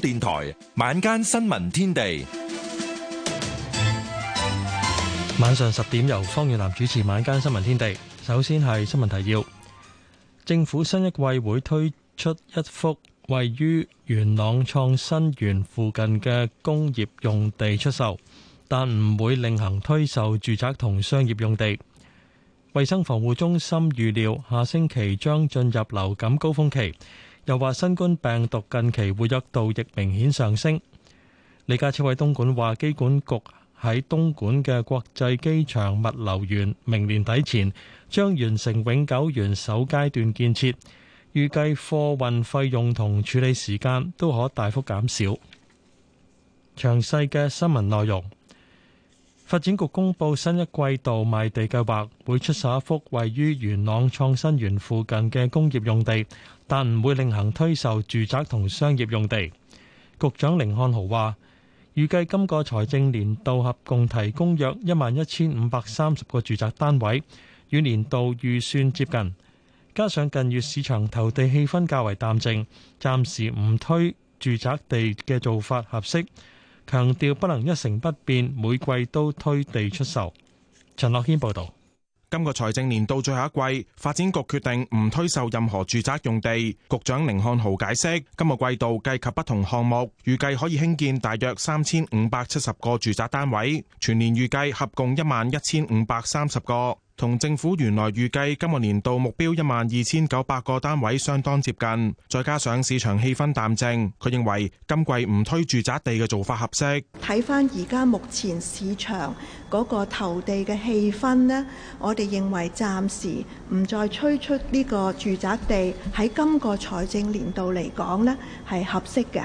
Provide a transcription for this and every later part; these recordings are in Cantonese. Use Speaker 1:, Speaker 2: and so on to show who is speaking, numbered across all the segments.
Speaker 1: 電台晚間新聞天地，晚上十點由方月南主持。晚間新聞天地，首先係新聞提要。政府新一季會推出一幅位於元朗創新園附近嘅工業用地出售，但唔會另行推售住宅同商業用地。衛生防護中心預料下星期將進入流感高峰期。又話新冠病毒近期活躍度亦明顯上升。李家超喺東莞話，機管局喺東莞嘅國際機場物流園明年底前將完成永久園首階段建設，預計貨運費用同處理時間都可大幅減少。詳細嘅新聞內容，發展局公布新一季度賣地計劃，會出售一幅位於元朗創新園附近嘅工業用地。但唔會另行推售住宅同商業用地。局長甯漢豪話：預計今個財政年度合共提供約一萬一千五百三十個住宅單位，與年度預算接近。加上近月市場投地氣氛較為淡靜，暫時唔推住宅地嘅做法合適。強調不能一成不變，每季都推地出售。陳樂軒報導。
Speaker 2: 今個財政年度最後一季，發展局決定唔推售任何住宅用地。局長寧漢豪解釋，今、這個季度計及不同項目，預計可以興建大約三千五百七十個住宅單位，全年預計合共一萬一千五百三十個。同政府原來預計今個年度目標一萬二千九百個單位相當接近，再加上市場氣氛淡靜，佢認為今季唔推住宅地嘅做法合適。
Speaker 3: 睇翻而家目前市場嗰個投地嘅氣氛，呢我哋認為暫時唔再推出呢個住宅地，喺今個財政年度嚟講，呢係合適嘅。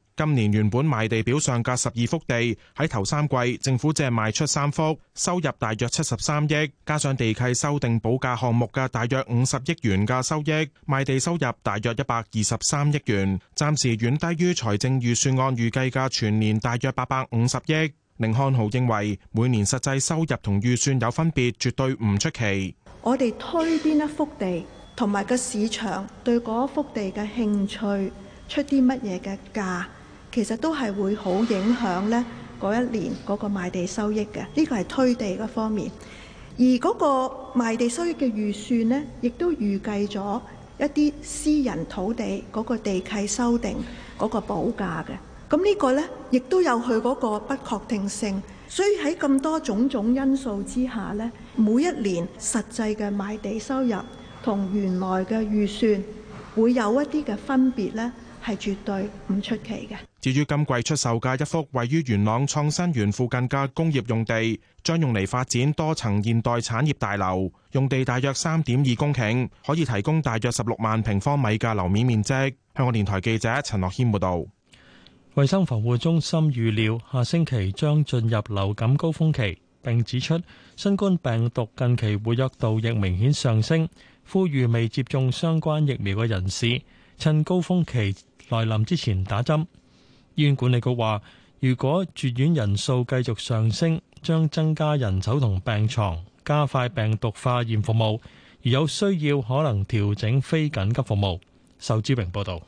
Speaker 2: 今年原本賣地表上嘅十二幅地喺頭三季，政府淨係賣出三幅，收入大約七十三億，加上地契修訂補價項目嘅大約五十億元嘅收益，賣地收入大約一百二十三億元，暫時遠低於財政預算案預計嘅全年大約八百五十億。寧漢豪認為每年實際收入同預算有分別，絕對唔出奇。
Speaker 3: 我哋推邊一幅地，同埋個市場對嗰幅地嘅興趣出，出啲乜嘢嘅價。其實都係會好影響呢嗰一年嗰個賣地收益嘅，呢個係推地嗰方面。而嗰個賣地收益嘅預算呢，亦都預計咗一啲私人土地嗰個地契修訂嗰個保價嘅。咁呢個呢，亦都有佢嗰個不確定性，所以喺咁多種種因素之下呢，每一年實際嘅賣地收入同原來嘅預算會有一啲嘅分別呢，係絕對唔出奇嘅。
Speaker 2: 至於今季出售嘅一幅位於元朗創新園附近嘅工業用地，將用嚟發展多層現代產業大樓，用地大約三點二公頃，可以提供大約十六萬平方米
Speaker 1: 嘅樓面面積。香港電台記者陳樂謙報道。衛生防護中心預料下星期將進入流感高峰期，並指出新冠病毒近期活躍度亦明顯上升，呼籲未接種相關疫苗嘅人士趁高峰期來臨之前打針。醫院管理局話，如果住院人數繼續上升，將增加人手同病床，加快病毒化驗服務，而有需要可能調整非緊急服務。
Speaker 4: 仇志榮報道。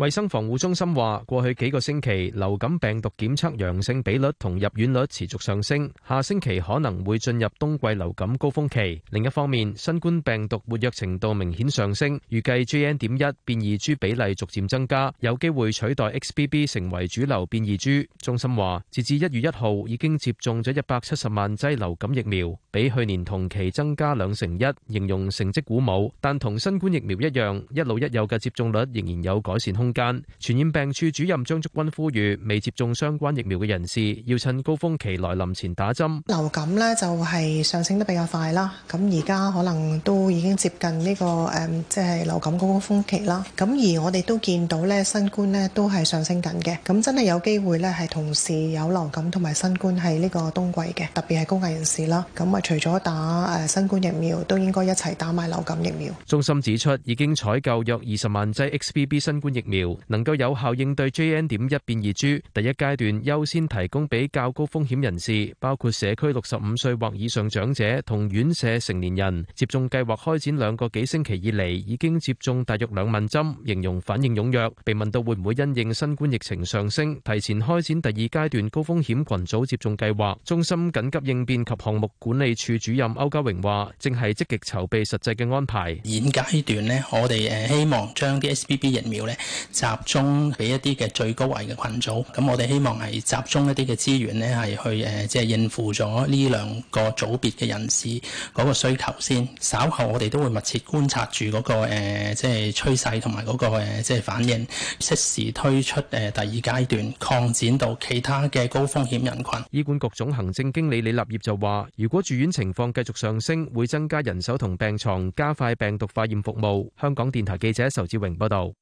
Speaker 4: 衛生防護中心話，過去幾個星期流感病毒檢測陽性比率同入院率持續上升，下星期可能會進入冬季流感高峰期。另一方面，新冠病毒活躍程度明顯上升，預計 JN.1 變異株比例逐漸增加，有機會取代 XBB 成為主流變異株。中心話，截至一月一號已經接種咗一百七十萬劑流感疫苗，比去年同期增加兩成一，形容成績鼓舞，但同新冠疫苗一樣，一老一幼嘅接種率仍然有改善空間傳染病處主任張竹君呼籲未接種相關疫苗嘅人士，要趁高峰期來臨前打針。
Speaker 5: 流感咧就係上升得比較快啦，咁而家可能都已經接近呢個誒，即係流感高峰期啦。咁而我哋都見到咧，新冠咧都係上升緊嘅。咁真係有機會咧，係同時有流感同埋新冠喺呢個冬季嘅，特別係高危人士啦。咁啊，除咗打誒新冠疫苗，都應該一齊打埋流感疫苗。
Speaker 4: 中心指出，已經採購約二十萬劑 XBB 新冠疫苗。能夠有效應對 JN 點一變異株，第一階段優先提供俾較高風險人士，包括社區六十五歲或以上長者同院舍成年人接種計劃開展兩個幾星期以嚟，已經接種大約兩萬針，形容反應踴躍。被問到會唔會因應新冠疫情上升，提前開展第二階段高風險群組接種計劃，中心緊急應變及項目管理處主任歐家榮話：，正係積極籌備實際嘅安排。現階段咧，我哋誒希
Speaker 6: 望將啲 SBB 疫苗咧。集中俾一啲嘅最高危嘅群組，咁我哋希望係集中一啲嘅資源呢係去誒，即係應付咗呢兩個組別嘅人士嗰個需求先。稍後我哋都會密切觀察住嗰個誒，即係趨勢同埋嗰個誒，即係反應，適時推出誒第二階段擴展到其他嘅高風
Speaker 4: 險人群。醫管局總行政經理李立業就話，如果住院情況繼續上升，會增加人手同病床，加快病毒化驗服務。香港電台記者仇志榮報道。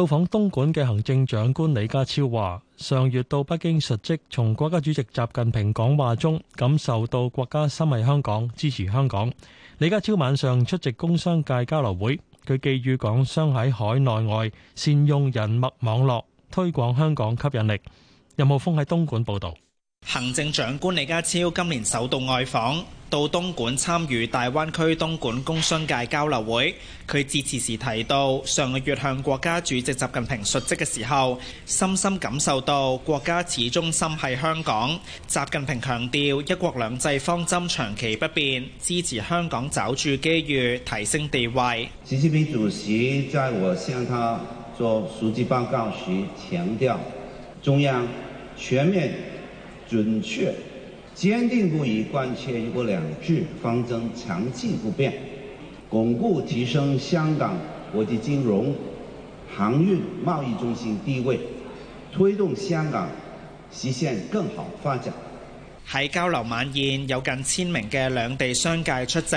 Speaker 1: 到訪東莞嘅行政長官李家超話，上月到北京述職，從國家主席習近平講話中感受到國家心繫香港、支持香港。李家超晚上出席工商界交流會，佢寄語港商喺海內外善用人脈網絡，推廣香港吸引力。任浩峰喺東莞報道。
Speaker 6: 行政長官李家超今年首度外訪。到東莞參與大灣區東莞工商界交流會，佢致辭時提到，上個月向國家主席習近平述職嘅時候，深深感受到國家始終心係香港。習近平強調一國兩制方針長期不變，支持香港抓住機遇提升地位。習近平主席在我向他做述職報告時強調，中央全面準確。堅定不移貫徹一國兩制方針，長期不變，鞏固提升香港國際金融、航運、貿易中心地位，推動香港實現更好發展。喺交流晚宴，有近千名嘅兩地商界出席。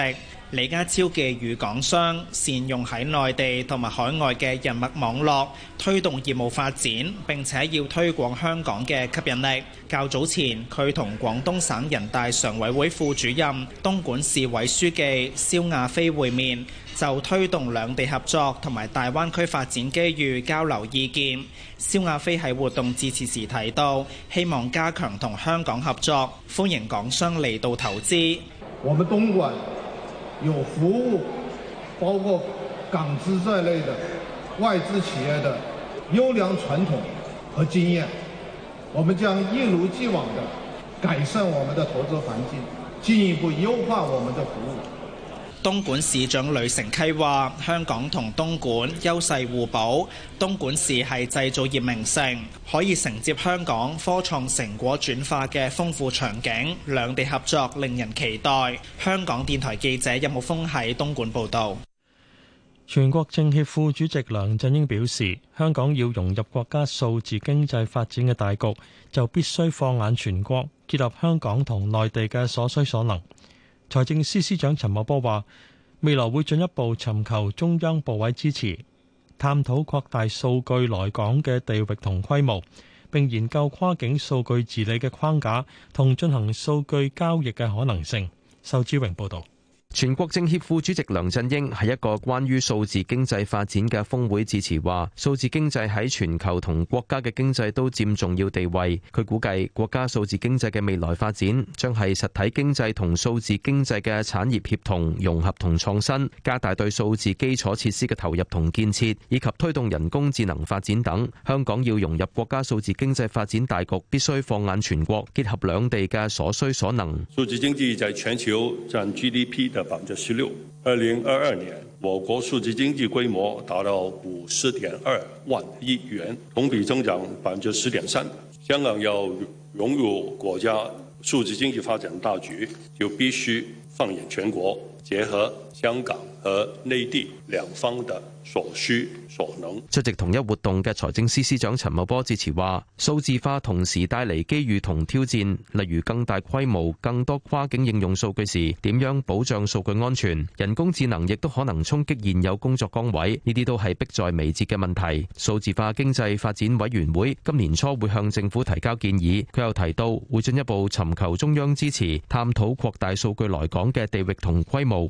Speaker 6: 李家超嘅與港商善用喺內地同埋海外嘅人物網絡，推動業務發展，並且要推廣香港嘅吸引力。較早前佢同廣東省人大常委會副主任、東莞市委書記肖亞非會面，就推動兩地合作同埋大灣區發展機遇交流意見，肖亞非喺活動致辭時提到，希望加強同香港合作，歡迎港商嚟到投資，我們東莞。
Speaker 4: 有服務，包
Speaker 6: 括港資在內的外資企業的優良傳統和經驗，我們將一如既往的改善我們的投資環境，進一步優化我們的服務。東莞市長呂成溪話，香港同東莞優勢互補，東莞市係製造業名城，可以承接香港科創成果轉化嘅豐富場景，兩地合作令人期待。香港電台記者任浩峰喺東莞報道。
Speaker 1: 全國政協副主席梁振英表示，香港要融入國家數字經濟發展嘅大局，就必須放眼全國，結合香港同內地嘅所需所能。財政司司長陳茂波話：未來會進一步尋求中央部委支持，探討擴大數據來港嘅地域同規模，並研究跨境數據治理嘅框架同進行數據交易嘅可能性。仇志榮報導。
Speaker 4: 全國政協副主席梁振英喺一個關於數字經濟發展嘅峰會致辭話：數字經濟喺全球同國家嘅經濟都佔重要地位。佢估計國家數字經濟嘅未來發展，將係實體經濟同數字經濟嘅產業協同、融合同創新，加大對數字基礎設施嘅投入同建設，以及推動人工智能發展等。香港要融入國家數字經濟發展大局，必須放眼全國，結合兩地嘅所需所能。
Speaker 1: 數字經濟喺全球佔 GDP 嘅百分之十六，二零二二年，我國數字經濟規模達到五十點二萬億元，同比增長百分之十點三。香港要融入國家數字經濟發展大局，就必須放眼全國，結合。香港和內地兩方的所需所能
Speaker 4: 出席同一活動嘅財政司司長陳茂波致詞話：數字化同時帶嚟機遇同挑戰，例如更大規模、更多跨境應用數據時，點樣保障數據安全？人工智能亦都可能衝擊現有工作崗位，呢啲都係迫在眉睫嘅問題。數字化經濟發展委員會今年初會向政府提交建議，佢又提到會進一步尋求中央支持，探討擴大數據來港嘅地域同規模。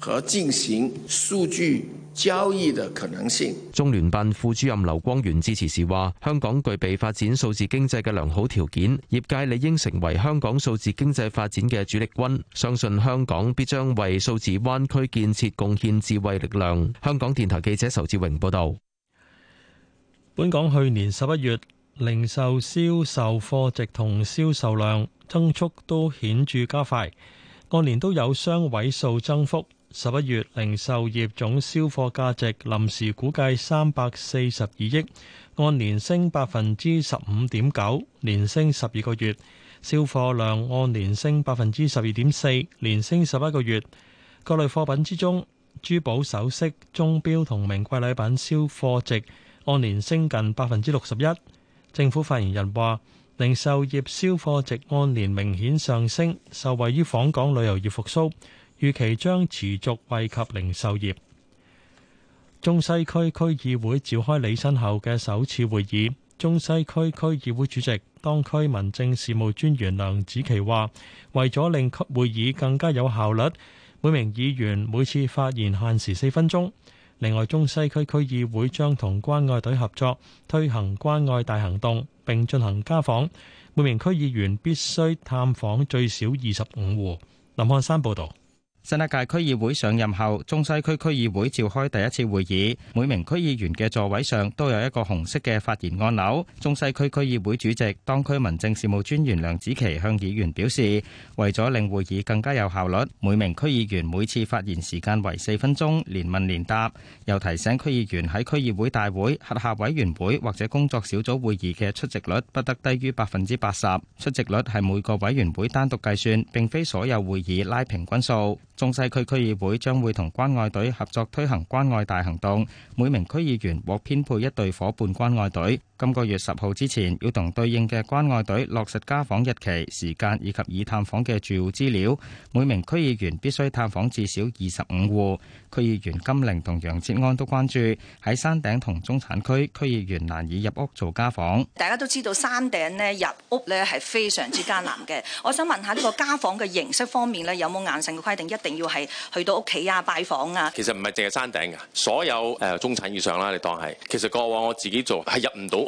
Speaker 7: 和進行數據交易的可能性。
Speaker 4: 中聯辦副主任劉光源支持時話，香港具備發展數字經濟嘅良好條件，業界理應成為香港數字經濟發展嘅主力軍，相信香港必將為數字灣區建設貢獻智慧力量。香港電台記者仇志榮報道。
Speaker 1: 本港去年十一月零售銷售貨值同銷售量增速都顯著加快，按年都有雙位數增幅。十一月零售業總銷貨價值臨時估計三百四十二億，按年升百分之十五點九，年升十二個月；銷貨量按年升百分之十二點四，年升十一個月。各類貨品之中，珠寶首飾、鐘表同名貴禮品銷貨值按年升近百分之六十一。政府發言人話：零售業銷貨值按年明顯上升，受惠於訪港旅遊業復甦。預期將持續惠及零售業。中西區區議會召開履新後嘅首次會議，中西區區議會主席、當區民政事務專員梁子琪話，為咗令會議更加有效率，每名議員每次發言限時四分鐘，另外，中西區區議會將同關愛隊合作推行關愛大行動並進行家訪，每名區議員必須探訪最少二十五戶。林漢山報道。新一屆
Speaker 8: 區議會上任後，中西區區議會召開第一次會議，每名區議員嘅座位上都有一個紅色嘅發言按鈕。中西區區議會主席、當區民政事務專員梁子琪向議員表示，為咗令會議更加有效率，每名區議員每次發言時間為四分鐘，連問連答。又提醒區議員喺區議會大會、轄下委員會或者工作小組會議嘅出席率不得低於百分之八十。出席率係每個委員會單獨計算，並非所有會議拉平均數。中西區區議會將會同關愛隊合作推行關愛大行動，每名區議員獲編配一隊夥伴關愛隊。今個月十號之前要同對應嘅關愛隊落實家訪日期、時間以及已探訪嘅住戶資料。每名區議員必須探訪至少二十五戶。區議員金玲同楊哲安都關注喺山頂同中產區，區議員難以入屋做家訪。
Speaker 9: 大家都知道山頂呢入屋咧係非常之艱難嘅。 我想問下呢個家訪嘅形式方面呢，有冇硬性嘅規定一定要係去到屋企啊拜訪啊？
Speaker 7: 其實唔係淨係山頂嘅，所有誒、呃、中產以上啦、啊，你當係。其實過往我自己做係入唔到。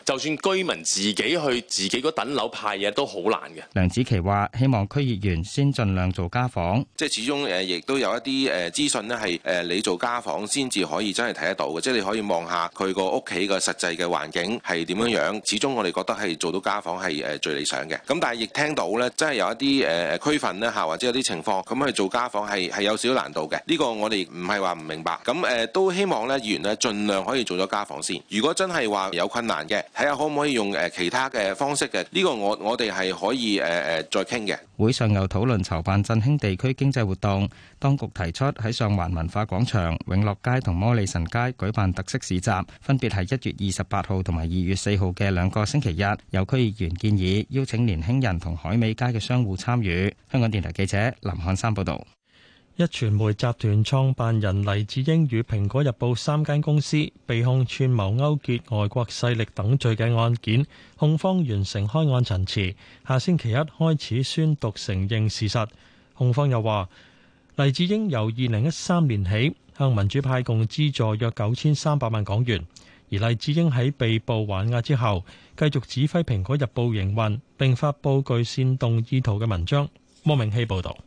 Speaker 7: 就算居民自己
Speaker 2: 去自己個等樓派嘢都好難
Speaker 8: 嘅。梁子琪話：希望區議員先盡量做家訪，
Speaker 2: 即係始終誒亦都有一啲誒資訊咧係誒你做家訪先至可以真係睇得到嘅，即係你可以望下佢個屋企個實際嘅環境係點樣樣。始終我哋覺得係做到家訪係誒最理想嘅。咁但係亦聽到咧，真係有一啲誒區份咧嚇或者有啲情況，咁去做家訪係係有少少難度嘅。呢個我哋唔係話唔明白。咁誒都希望咧議員咧盡量可以做咗家訪先。如果真係話有困難嘅，睇下可唔可以用誒其他嘅方式嘅呢，這個我我哋係可以誒誒，呃、再傾嘅。
Speaker 8: 會上又討論籌辦振興地區經濟活動，當局提出喺上環文化廣場、永樂街同摩利臣街舉辦特色市集，分別係一月二十八號同埋二月四號嘅兩個星期日。有區議員建議邀請年輕人同海味街嘅商戶參與。香港電台記者林漢山報道。
Speaker 1: 一傳媒集團創辦人黎智英與蘋果日報三間公司被控串謀勾結外國勢力等罪嘅案件，控方完成開案陳詞，下星期一開始宣讀承認事實。控方又話，黎智英由二零一三年起向民主派共資助約九千三百萬港元，而黎智英喺被捕還押之後，繼續指揮蘋果日報營運，並發布具煽動意圖嘅文章。莫明希報道。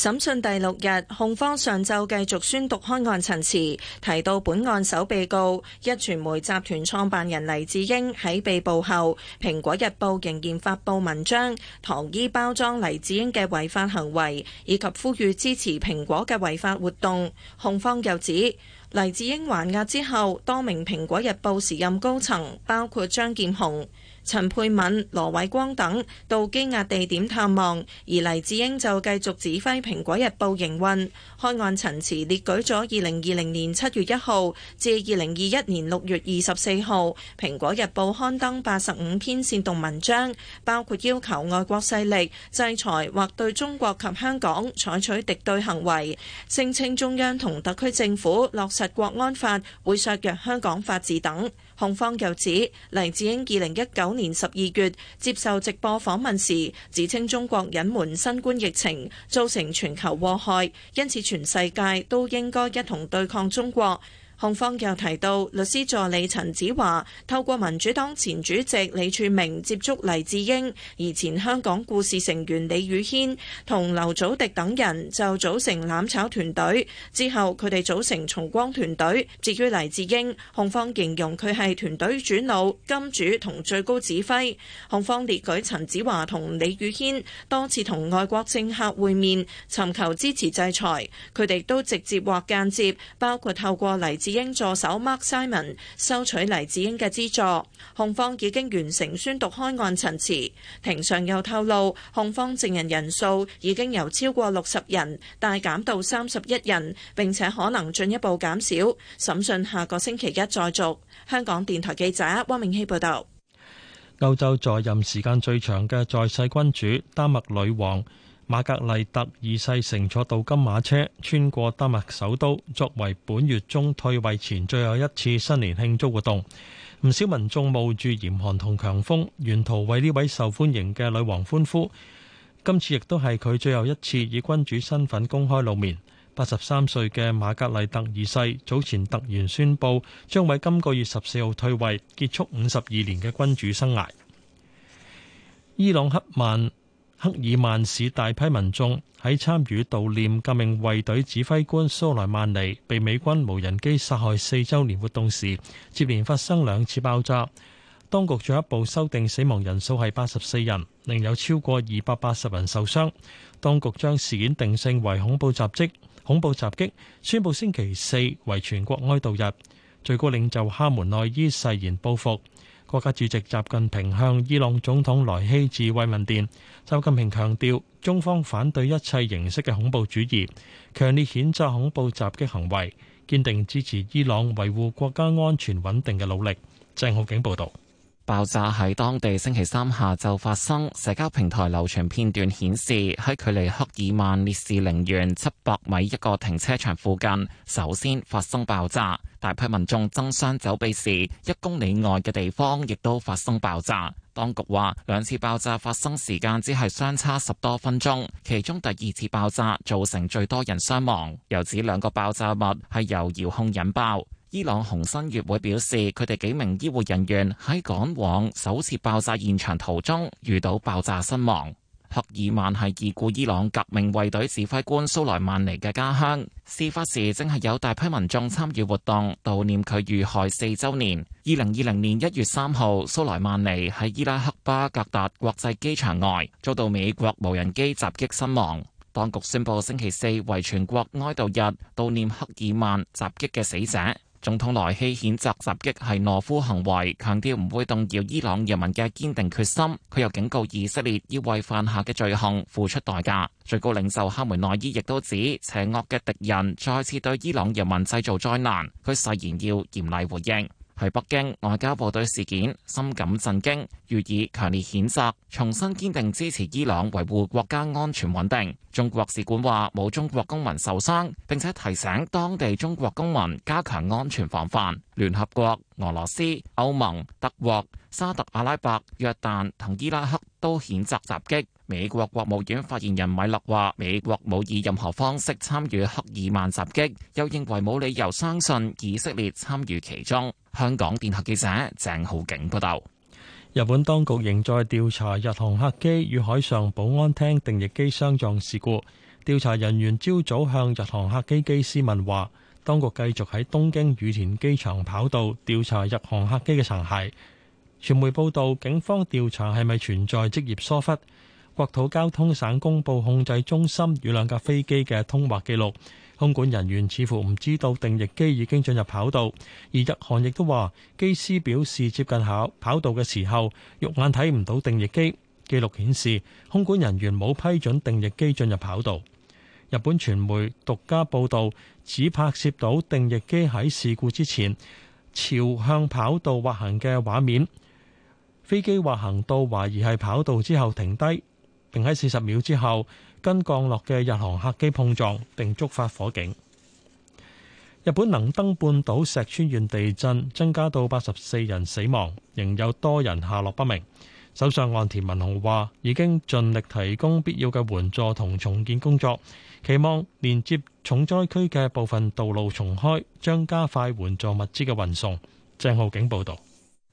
Speaker 9: 審訊第六日，控方上晝繼續宣讀開案陳詞，提到本案首被告一傳媒集團創辦人黎智英喺被捕後，《蘋果日報》仍然發布文章，糖衣包裝黎智英嘅違法行為，以及呼籲支持蘋果嘅違法活動。控方又指，黎智英還押之後，多名《蘋果日報》時任高層，包括張劍虹。陳佩敏、羅偉光等到羈押地點探望，而黎智英就繼續指揮《蘋果日報》營運。開案陳詞列舉咗二零二零年七月一號至二零二一年六月二十四號，《蘋果日報》刊登八十五篇煽動文章，包括要求外國勢力制裁或對中國及香港採取敵對行為，聲稱中央同特區政府落實國安法會削弱香港法治等。控方又指，黎智英二零一九年十二月接受直播訪問時，指稱中國隱瞞新冠疫情，造成全球禍害，因此全世界都應該一同對抗中國。控方又提到，律師助理陳子華透過民主黨前主席李柱銘接觸黎智英，而前香港故事成員李宇軒同劉祖迪等人就組成攬炒團隊之後，佢哋組成重光團隊。至於黎智英，控方形容佢係團隊主腦金主同最高指揮。控方列舉陳子華同李宇軒多次同外國政客會面，尋求支持制裁。佢哋都直接或間接，包括透過黎智英助手 Mark Simon 收取黎智英嘅資助，控方已經完成宣讀開案陳詞。庭上又透露，控方證人人數已經由超過六十人大減到三十一人，並且可能進一步減少。審訊下個星期一再續。香港電台記者汪明熙報道。
Speaker 1: 歐洲在任時間最長嘅在世君主丹麥女王。瑪格麗特二世乘坐鍍金馬車，穿過丹麥首都，作為本月中退位前最後一次新年慶祝活動。唔少民眾冒住嚴寒同強風，沿途為呢位受歡迎嘅女王歡呼。今次亦都係佢最後一次以君主身份公開露面。八十三歲嘅瑪格麗特二世早前突然宣布，將喺今個月十四號退位，結束五十二年嘅君主生涯。伊朗克曼克爾曼市大批民眾喺參與悼念革命衛隊指揮官蘇萊曼尼被美軍無人機殺害四周年活動時，接連發生兩次爆炸。當局進一步修訂死亡人數係八十四人，另有超過二百八十人受傷。當局將事件定性為恐怖襲擊。恐怖襲擊宣布星期四為全國哀悼日。最高領袖哈門內伊誓言報復。國家主席習近平向伊朗總統萊希致慰問電。習近平強調，中方反對一切形式嘅恐怖主義，強烈譴責恐怖襲擊行為，堅定支持伊朗維護
Speaker 10: 國家安全穩定嘅努力。鄭浩景報道。爆炸喺當地星期三下晝發生，社交平台流傳片段顯示，喺距離科爾曼烈士陵園七百米一個停車場附近，首先發生爆炸，大批民眾爭相走避時，一公里外嘅地方亦都發生爆炸。當局話，兩次爆炸發生時間只係相差十多分鐘，其中第二次爆炸造成最多人傷亡。又指兩個爆炸物係由遙控引爆。伊朗紅新月會表示，佢哋幾名醫護人員喺趕往首次爆炸現場途中遇到爆炸身亡。赫爾曼係已故伊朗革命衛隊指揮官蘇萊曼尼嘅家鄉，事發時正係有大批民眾參與活動悼念佢遇害四週年。二零二零年一月三號，蘇萊曼尼喺伊拉克巴格達國際機場外遭到美國無人機襲擊身亡。當局宣佈星期四為全國哀悼日，悼念赫爾曼襲擊嘅死者。總統萊希譴責襲、襲擊係懦夫行為，強調唔會動搖伊朗人民嘅堅定決心。佢又警告以色列要為犯下嘅罪行付出代價。最高領袖哈梅內伊亦都指，邪惡嘅敵人再次對伊朗人民製造災難，佢誓言要嚴厲回應。喺北京，外交部對事件深感震驚，予以強烈譴責，重新堅定支持伊朗維護國家安全穩定。中國使館話冇中國公民受傷，並且提醒當地中國公民加強安全防範。聯合國、俄羅斯、歐盟、德國、沙特阿拉伯、約旦同伊拉克都譴責襲擊。美國國務院發言人米勒話，美國冇以任何方式參與克爾曼襲擊，又認為冇理由相信以色列參與其中。香港電台記者鄭浩景報道。日本當局仍在
Speaker 1: 調查日航客機與海上保安廳定翼機相撞事故。調查人員朝早向日航客機機師問話。當局繼續喺東京羽田機場跑道調查日航客機嘅殘骸。傳媒報道警方調查係咪存在職業疏忽。國土交通省公布控制中心與兩架飛機嘅通話記錄，空管人員似乎唔知道定翼機已經進入跑道，而日航亦都話，機師表示接近跑跑道嘅時候，肉眼睇唔到定翼機。記錄顯示，空管人員冇批准定翼機進入跑道。日本傳媒獨家報道，只拍攝到定翼機喺事故之前朝向跑道滑行嘅畫面，飛機滑行到懷疑係跑道之後停低。並喺四十秒之後跟降落嘅日航客機碰撞，並觸發火警。日本能登半島石川縣地震增加到八十四人死亡，仍有多人下落不明。首相岸田文雄話已經盡力提供必要嘅援助同重建工作，期望連接重災區嘅部分道路重開，將加快援助物資嘅運送。鄭浩景報導。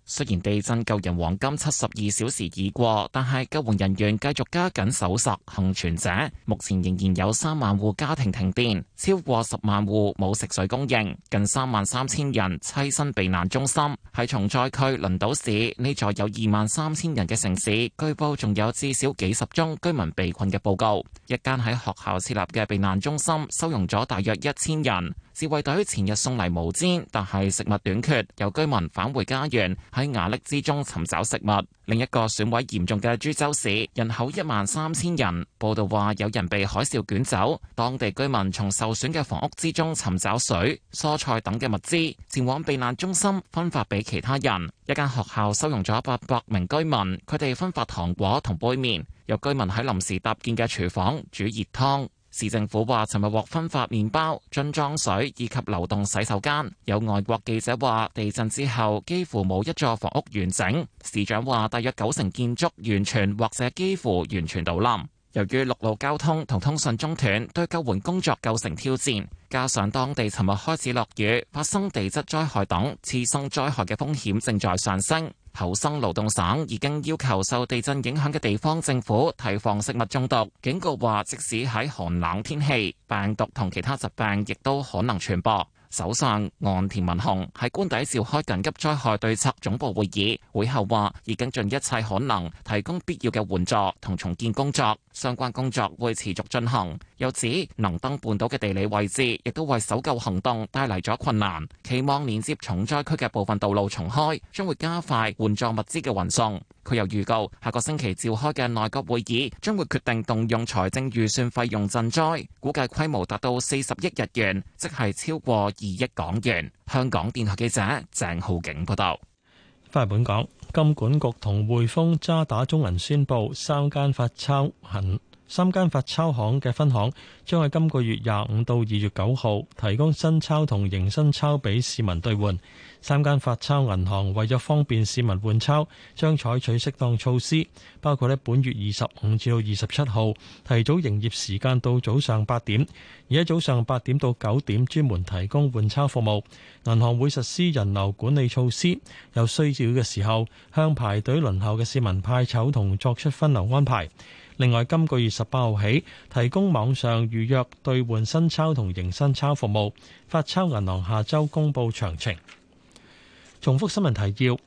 Speaker 10: 雖然地震救人黃金七十二小時已過，但係救援人員繼續加緊搜索幸存者。目前仍然有三萬戶家庭停電，超過十萬戶冇食水供應，近三萬三千人棲身避難中心。喺重災區輪島市呢座有二萬三千人嘅城市，據報仲有至少幾十宗居民被困嘅報告。一間喺學校設立嘅避難中心收容咗大約一千人，自衛隊前日送嚟物資，但係食物短缺，有居民返回家園，喺瓦礫之中尋找食物。另一個損毀嚴重嘅珠洲市，人口一萬三千人。報道話有人被海嘯捲走，當地居民從受損嘅房屋之中尋找水、蔬菜等嘅物資，前往避難中心分發俾其他人。一間學校收容咗八百名居民，佢哋分發糖果同杯麵，有居民喺臨時搭建嘅廚房煮熱湯。市政府話，尋日獲分發麵包、樽裝水以及流動洗手間。有外國記者話，地震之後幾乎冇一座房屋完整。市長話，大約九成建築完全或者幾乎完全倒冧。由於陸路交通同通訊中斷，對救援工作構成挑戰。加上當地尋日開始落雨，發生地質災害等次生災害嘅風險正在上升。厚生勞動省已經要求受地震影響嘅地方政府提防食物中毒，警告話即使喺寒冷天氣，病毒同其他疾病亦都可能傳播。首相岸田文雄喺官邸召開緊急災害對策總部會議，會後話已經盡一切可能提供必要嘅援助同重建工作，相關工作會持續進行。又指能登半島嘅地理位置，亦都為搜救行動帶嚟咗困難。期望連接重災區嘅部分道路重開，將會加快援助物資嘅運送。佢又預告，下個星期召開嘅內閣會議，將會決定動用財政預算費用賑災，估計規模達到四十億日元，即係超過二億港元。香港電台記者鄭浩景報道。翻嚟本港，
Speaker 1: 金管局同匯豐渣打中銀宣布三間發鈔行。三間發鈔行嘅分行將喺今個月廿五到二月九號提供新鈔同迎新鈔俾市民兌換。三間發鈔銀行為咗方便市民換鈔，將採取適當措施，包括喺本月二十五至到二十七號提早營業時間到早上八點，而喺早上八點到九點專門提供換鈔服務。銀行會實施人流管理措施，有需要嘅時候向排隊輪候嘅市民派籌同作出分流安排。另外，今個月十八號起提供網上預約兌換新鈔同迎新鈔服務。發鈔銀行下週公布詳情。重複新聞提要：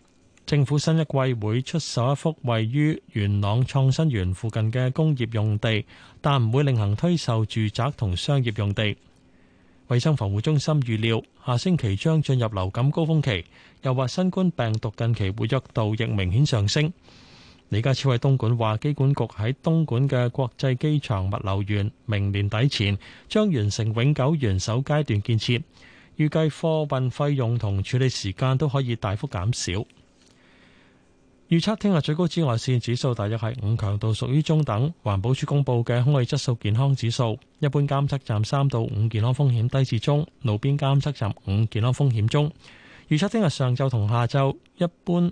Speaker 1: 政府新一季會出售一幅位於元朗創新園附近嘅工業用地，但唔會另行推售住宅同商業用地。衞生防護中心預料下星期將進入流感高峯期，又話新冠病毒近期活躍度亦明顯上升。李家超喺東莞話，機管局喺東莞嘅國際機場物流園，明年底前將完成永久元首階段建設，預計貨運費用同處理時間都可以大幅減少。預測聽日最高紫外線指數大約係五，強度屬於中等。環保署公布嘅空氣質素健康指數，一般監測站三到五，健康風險低至中，路邊監測站五，健康風險中。預測聽日上晝同下晝一般。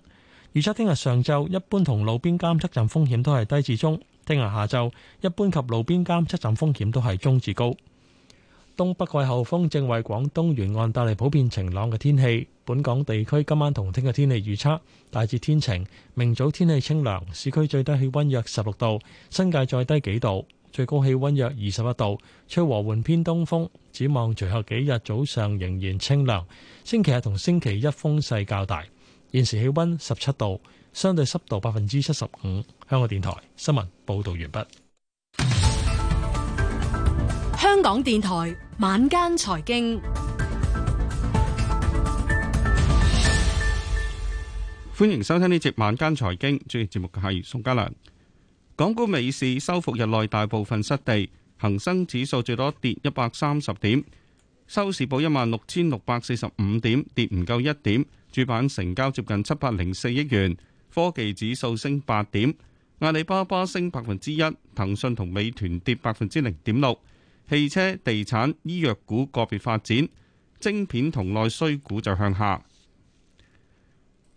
Speaker 1: 預測聽日上晝一般同路邊監測站風險都係低至中，聽日下晝一般及路邊監測站風險都係中至高。東北季候風正為廣東沿岸帶嚟普遍晴朗嘅天氣。本港地區今晚同聽日天氣預測大致天晴，明早天氣清涼，市區最低氣温約十六度，新界再低幾度，最高氣温約二十一度，吹和緩偏東風。展望隨後幾日早上仍然清涼，星期日同星期一風勢較大。現時氣溫十七度，相對濕度百分之七十五。香港電台新聞報道完畢。
Speaker 9: 香港電台晚間財經，經
Speaker 11: 歡迎收聽呢節晚間財經。主持節目嘅係宋家良。港股尾市收復日內大部分失地，恒生指數最多跌一百三十點。收市報一萬六千六百四十五點，跌唔夠一點。主板成交接近七百零四億元。科技指數升八點，阿里巴巴升百分之一，騰訊同美團跌百分之零點六。汽車、地產、醫藥股個別發展，晶片同內需股就向下。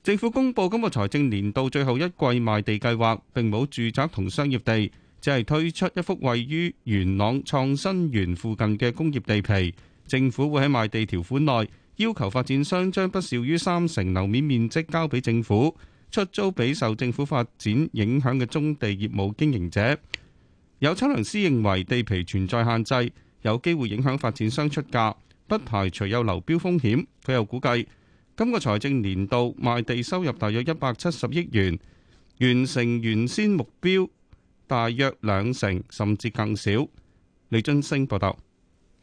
Speaker 11: 政府公布今個財政年度最後一季賣地計劃，並冇住宅同商業地，只係推出一幅位於元朗創新園附近嘅工業地皮。政府會喺賣地條款內要求發展商將不少於三成樓面面積交俾政府出租俾受政府發展影響嘅中地業務經營者。有測量師認為地皮存在限制，有機會影響發展商出價，不排除有流標風險。佢又估計今個財政年度賣地收入大約一百七十億元，完成原先目標大約兩成甚至更少。李俊升報道。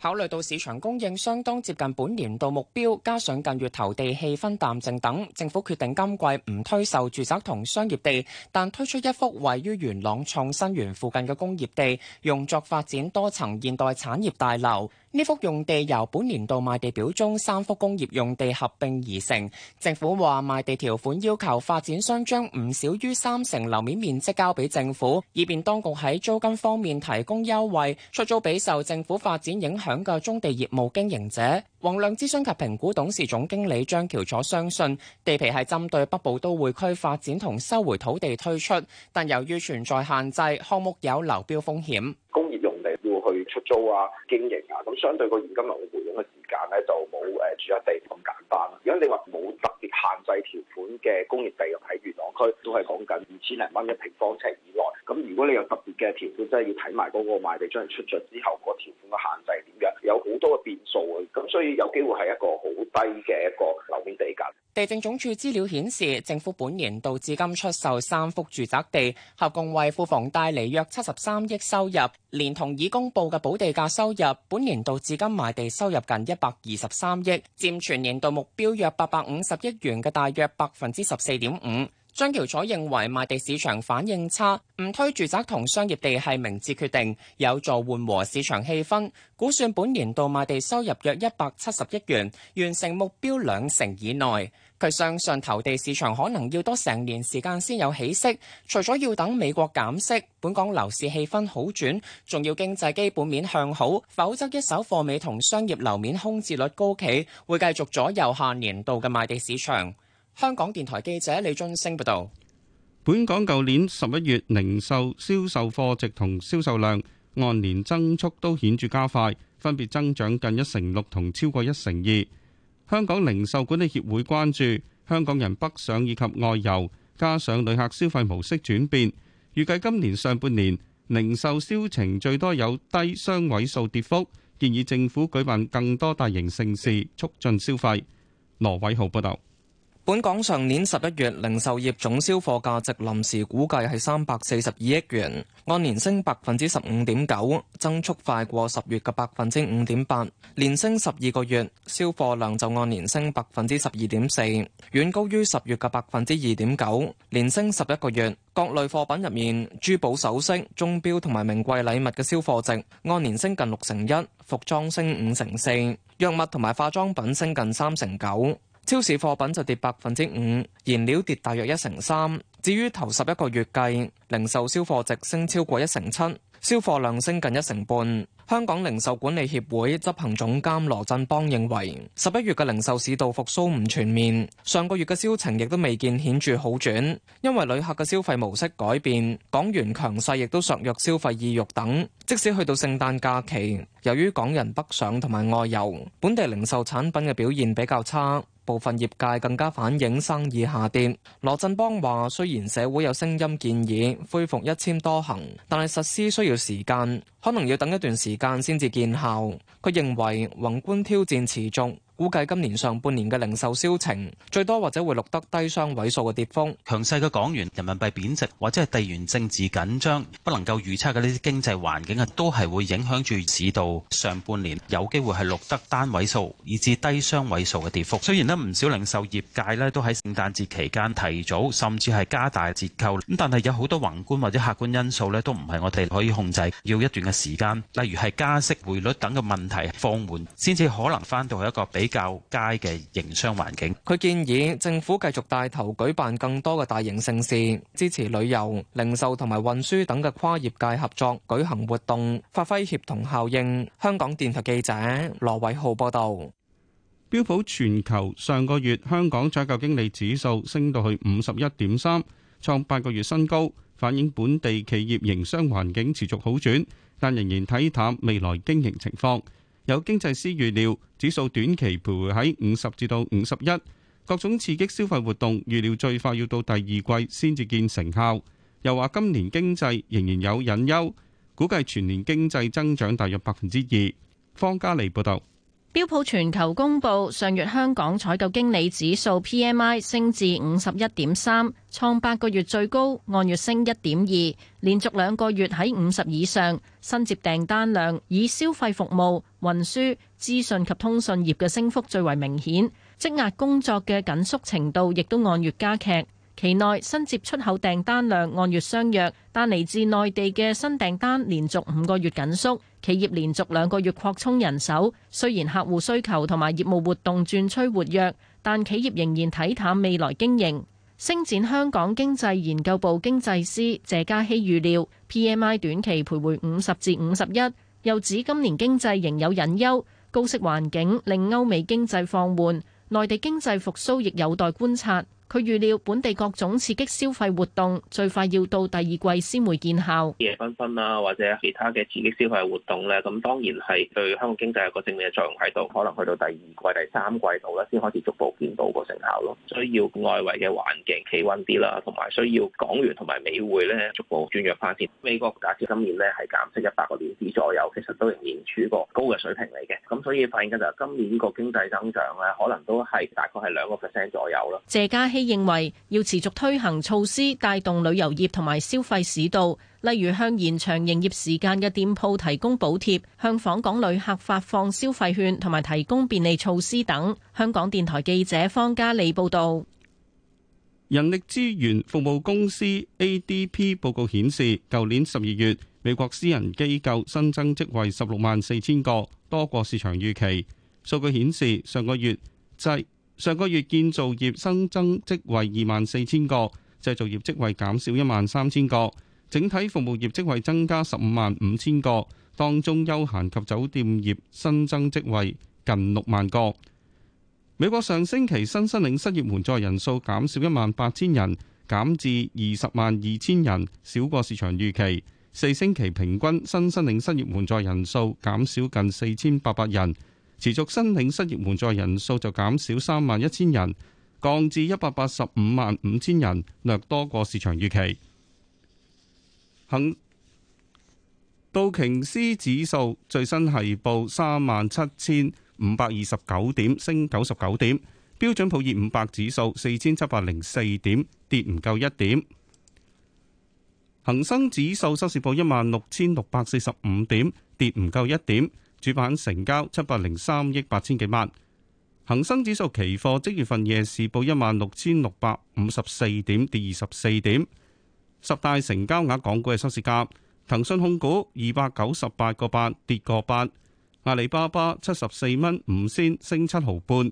Speaker 7: 考慮到市場供應相當接近本年度目標，加上近月投地氣氛淡靜等，政府決定今季唔推售住宅同商業地，但推出一幅位於元朗創新園附近嘅工業地，用作發展多層現代產業大樓。呢幅用地由本年度賣地表中三幅工業用地合併而成。政府話賣地條款要求發展商將唔少於三成樓面面積交俾政府，以便當局喺租金方面提供優惠出租俾受政府發展影響嘅中地業務經營者。宏亮諮詢及評估董，董事總經理張喬楚相信地皮係針對北部都會區發展同收回土地推出，但由於存在限制，項目有流標風險。工業
Speaker 10: 出租啊，經營啊，咁相對個現金流回籠嘅時間咧，就冇誒住宅地咁簡單。如果你話冇特別限制條款嘅工業地域，喺元朗區都係講緊二千零蚊一平方尺以內。咁如果你有特別嘅條款，真係要睇埋嗰個賣地將嚟出咗之後嗰個條款嘅限制點樣，有好多嘅變數嘅，咁所以有機會，係一個好低嘅一個樓面地價。
Speaker 7: 地政總署資料顯示，政府本年度至今出售三幅住宅地，合共為庫房帶嚟約七十三億收入，連同已公布嘅補地價收入，本年度至今賣地收入近一百二十三億，佔全年度目標約八百五十億元嘅大約百分之十四點五。張橋楚認為賣地市場反應差，唔推住宅同商業地係明智決定，有助緩和市場氣氛。估算本年度賣地收入約一百七十億元，完成目標兩成以內。佢相信投地市場可能要多成年時間先有起色，除咗要等美國減息，本港樓市氣氛好轉，仲要經濟基本面向好，否則一手貨尾同商業樓面空置率高企，會繼續左右下年度嘅賣地市場。香港電台記者李俊升報道。
Speaker 11: 本港舊年十一月零售銷售貨值同銷售量按年增速都顯著加快，分別增長近一成六同超過一成二。香港零售管理協會關注香港人北上以及外遊，加上旅客消費模式轉變，預計今年上半年零售銷情最多有低雙位數跌幅。建議政府舉辦更多大型盛事，促進消費。羅偉豪報道。
Speaker 5: 本港上年十一月零售業總銷貨價值臨時估計係三百四十二億元，按年升百分之十五點九，增速快過十月嘅百分之五點八，連升十二個月，銷貨量就按年升百分之十二點四，遠高於十月嘅百分之二點九，連升十一個月。各類貨品入面，珠寶首飾、鐘表同埋名貴禮物嘅銷貨值按年升近六成一，服裝升五成四，藥物同埋化妝品升近三成九。超市貨品就跌百分之五，燃料跌大約一成三。至於頭十一個月計，零售銷貨值升超過一成七，銷貨量升近一成半。香港零售管理協會執行總監羅振邦認為，十一月嘅零售市道復蘇唔全面，上個月嘅銷情亦都未見顯著好轉，因為旅客嘅消費模式改變，港元強勢亦都削弱消費意欲等。即使去到聖誕假期，由於港人北上同埋外遊，本地零售產品嘅表現比較差。部分業界更加反映生意下跌。羅振邦話：雖然社會有聲音建議恢復一簽多行，但係實施需要時間，可能要等一段時間先至見效。佢認為宏觀挑戰持續。估計今年上半年嘅零售銷情，最多或者會錄得低雙位數嘅跌幅。
Speaker 4: 強勢嘅港元、人民幣貶值或者係地緣政治緊張，不能夠預測嘅呢啲經濟環境啊，都係會影響住市道，上半年有機會係錄得單位數以至低雙位數嘅跌幅。雖然呢，唔少零售業界呢都喺聖誕節期間提早甚至係加大折扣，咁但係有好多宏觀或者客觀因素呢，都唔係我哋可以控制，要一段嘅時間，例如係加息、匯率等嘅問題放緩，先至可能返到去一個比比較佳嘅營商環境，佢
Speaker 5: 建議政府繼續帶頭舉辦更多嘅大型盛事，支持旅遊、零售同埋運輸等嘅跨業界合作舉行活動發揮協同效應。香港
Speaker 11: 電台記者羅偉浩報道。標普全球上個月香港採購經理指數升到去五十一點三，創八個月新高，反映本地企業營商環境持續好轉，但仍然睇淡未來經營情況。有經濟師預料指數短期徘徊喺五十至到五十一，各種刺激消費活動預料最快要到第二季先至見成效。又話今年經濟仍然有隱憂，估計全年經濟增長大約百分之二。方家莉報導。
Speaker 12: 標普全球公布上月香港採購經理指數 （PMI） 升至五十一點三，創八個月最高，按月升一點二，連續兩個月喺五十以上。新接訂單量以消費服務、運輸、資訊及通訊業嘅升幅最為明顯，積壓工作嘅緊縮程度亦都按月加劇。期內新接出口訂單量按月相約，但嚟自內地嘅新訂單連續五個月緊縮。企業連續兩個月擴充人手，雖然客戶需求同埋業務活動轉趨活躍，但企業仍然睇淡未來經營。星展香港經濟研究部經濟師謝嘉熙預料 P M I 短期徘徊五十至五十一，又指今年經濟仍有隱憂，高息環境令歐美經濟放緩，內地經濟復蘇亦有待觀察。佢預料本地各種刺激消費活動最快要到第二季先會見效，
Speaker 10: 夜繽紛啊或者其他嘅刺激消費活動咧，咁當然係對香港經濟一個正面嘅作用喺度，可能去到第二季、第三季度咧先開始逐步見到個成效咯。需要外圍嘅環境企穩啲啦，同埋需要港元同埋美匯咧逐步轉弱翻先。美國假設今年咧係減息一百個點子左右，其實都仍然處個高嘅水平嚟嘅，咁所以發現嘅就今年個經濟增長咧可能都係大概係兩個 percent 左右咯。
Speaker 12: 謝家。認為要持續推行措施帶動旅遊業同埋消費市道，例如向延長營業時間嘅店鋪提供補貼，向訪港旅客發放消費券同埋提供便利措施等。香港電台記者方嘉利報道。
Speaker 11: 人力資源服務公司 ADP 報告顯示，舊年十二月美國私人機構新增職位十六萬四千個，多過市場預期。數據顯示，上個月製、就是。上個月建造業新增職位二萬四千個，製造業職位減少一萬三千個，整體服務業職位增加十五萬五千個，當中休閒及酒店業新增職位近六萬個。美國上星期新申領失業援助人數減少一萬八千人，減至二十萬二千人，少過市場預期。四星期平均新申領失業援助人數減少近四千八百人。持續申領失業援助人數就減少三萬一千人，降至一百八十五萬五千人，略多過市場預期。恆道瓊斯指數最新係報三萬七千五百二十九點，升九十九點。標準普爾五百指數四千七百零四點，跌唔夠一點。恆生指數收市報一萬六千六百四十五點，跌唔夠一點。主板成交七百零三億八千幾萬，恒生指數期貨即月份夜市報一萬六千六百五十四點，跌二十四點。十大成交額港股嘅收市價：騰訊控股二百九十八個八，跌個八；阿里巴巴七十四蚊五仙，升七毫半；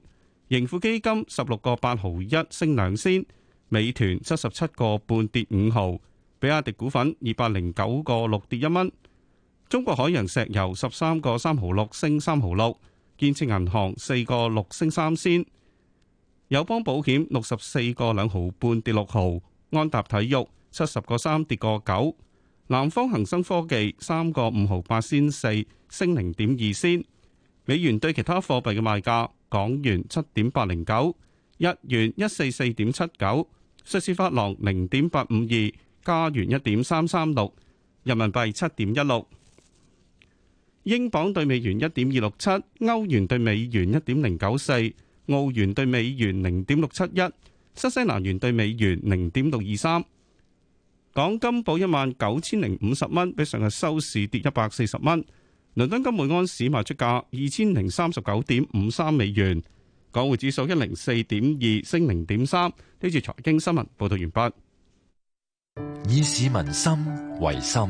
Speaker 11: 盈富基金十六個八毫一，升兩仙；美團七十七個半，跌五毫；比亞迪股份二百零九個六，跌一蚊。中國海洋石油十三個三毫六升三毫六，建設銀行四個六升三仙，友邦保險六十四個兩毫半跌六毫，安踏體育七十個三跌個九，南方恒生科技三個五毫八仙四升零點二仙。美元對其他貨幣嘅賣價：港元七點八零九，日元一四四點七九，瑞士法郎零點八五二，加元一點三三六，人民幣七點一六。英鎊兌美元一點二六七，歐元兌美元一點零九四，澳元兌美元零點六七一，新西蘭元兌美元零點六二三。港金報一萬九千零五十蚊，比上日收市跌一百四十蚊。倫敦金每盎司賣出價二千零三十九點五三美元。港匯指數一零四點二升零點三。呢次財經新聞報道完畢。
Speaker 9: 以市民
Speaker 11: 心為心，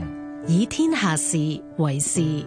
Speaker 11: 以天下事為
Speaker 9: 事。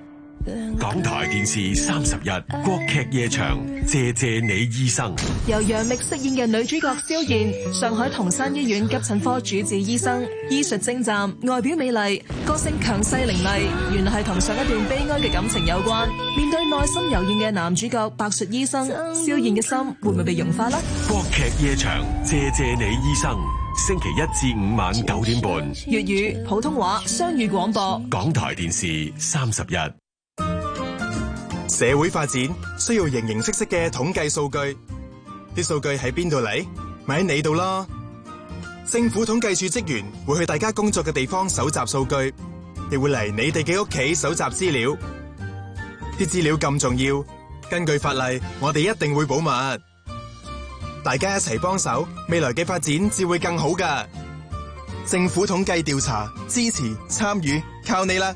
Speaker 2: 港台電視三十日國劇夜場，謝謝你醫生。
Speaker 9: 由楊冪飾演嘅女主角蕭燕，上海同山醫院急診科主治醫生，醫術精湛，外表美麗，個性強勢凌厲，原來係同上一段悲哀嘅感情有關。面對內心柔軟嘅男主角白術醫生，蕭燕嘅心會唔會被融化呢？
Speaker 2: 國劇夜場，謝謝你醫生。星期一至五晚九點半，
Speaker 9: 粵語、普通話雙語廣播。
Speaker 2: 港台電視三十日。社會發展需要形形色色嘅統計數據，啲數據喺邊度嚟？咪喺你度囉！政府統計處職員會去大家工作嘅地方搜集數據，亦會嚟你哋嘅屋企搜集資料。啲資料咁重要，根據法例，我哋一定會保密。大家一齊幫手，未來嘅發展至會更好㗎。政府統計調查支持參與，靠你啦！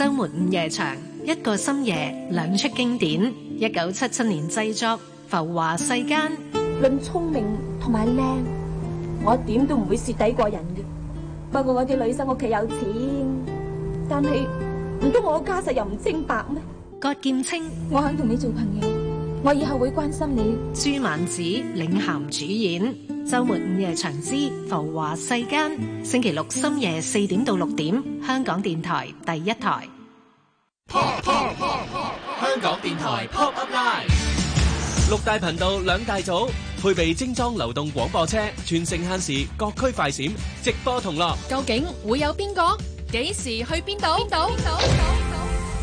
Speaker 12: 周末午夜場，一個深夜，兩齣經典。一九七七年製作《浮華世間》。論聰明
Speaker 9: 同埋靚，我一點都唔會蝕底過人嘅。不過我啲女生屋企有錢，但係唔通我家世又唔清白咩？郭劍清，我肯同你做朋友。我以後會關心你。
Speaker 12: 朱曼子、領銜主演，周末午夜場之《浮華世間》，星期六深夜四點到六點，香港電台第一台。
Speaker 13: Pop Pop Pop Pop，香港
Speaker 7: 電台
Speaker 12: Pop Up Night，
Speaker 7: 六大頻道兩大組，配備精裝流動廣播車，全城限時，各區快閃，直播同樂。
Speaker 12: 究竟會有邊個？幾時去邊度？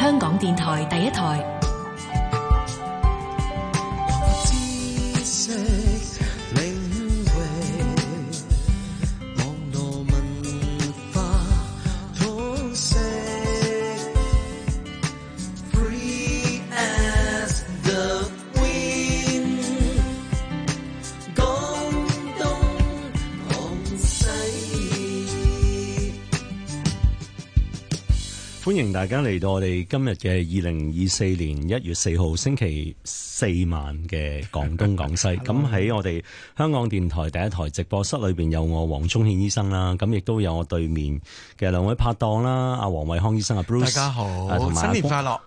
Speaker 12: 香港電台第一台。
Speaker 13: 歡迎大家嚟到我哋今日嘅二零二四年一月四號星期四晚嘅廣東廣西。咁喺 我哋香港電台第一台直播室裏邊，有我黃忠憲醫生啦，咁亦都有我對面嘅兩位拍檔啦，阿黃偉康醫生阿 Bruce，大家好，啊啊、新年快樂，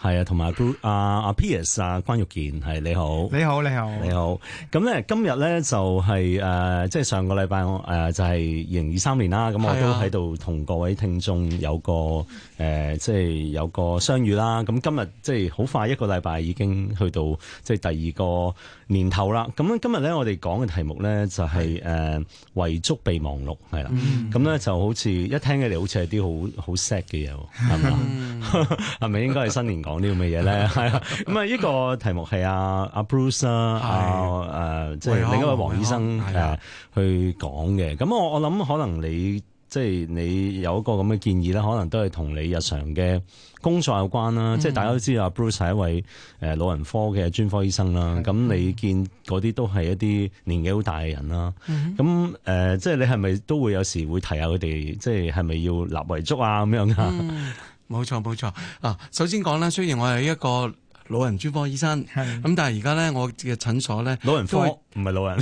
Speaker 13: 係 啊，同埋阿 Bruce 啊阿 Piers 啊, ius, 啊關玉健係你,你好，你好你好你好。咁咧今日咧就係誒即係上個禮拜誒就係二零二三年啦，咁我都喺度同各位聽眾有個誒。呃呃呃呃呃呃呃呃誒，即係有個相遇啦，咁今日即係好快一個禮拜已經去到，即係第二個年頭啦。咁今日咧，我哋講嘅題目咧就係誒遺囑備忘錄係啦，咁咧就好似一聽起嚟好似係啲好好 sad 嘅嘢，係咪？係咪應該係新年講啲咁嘅嘢咧？係啊，咁啊，呢個題目係阿阿 Bruce 啊，誒，即係另一位黃醫生誒去講嘅。咁我我諗可能你。即係你有一個咁嘅建議咧，可能都係同你日常嘅工作有關啦。嗯、即係大家都知啊 Bruce 係一位誒老人科嘅專科醫生啦。咁、嗯、你見嗰啲都係一啲年紀好大嘅人啦。咁誒、嗯呃，即係你係咪都會有時會提下佢哋，即係係咪要立遺囑啊咁樣噶？
Speaker 11: 冇、 嗯、錯冇錯啊！首先講啦，雖然我係一個
Speaker 3: 老人專科醫生，咁的但係而家咧我嘅診所咧老人科唔係會老人。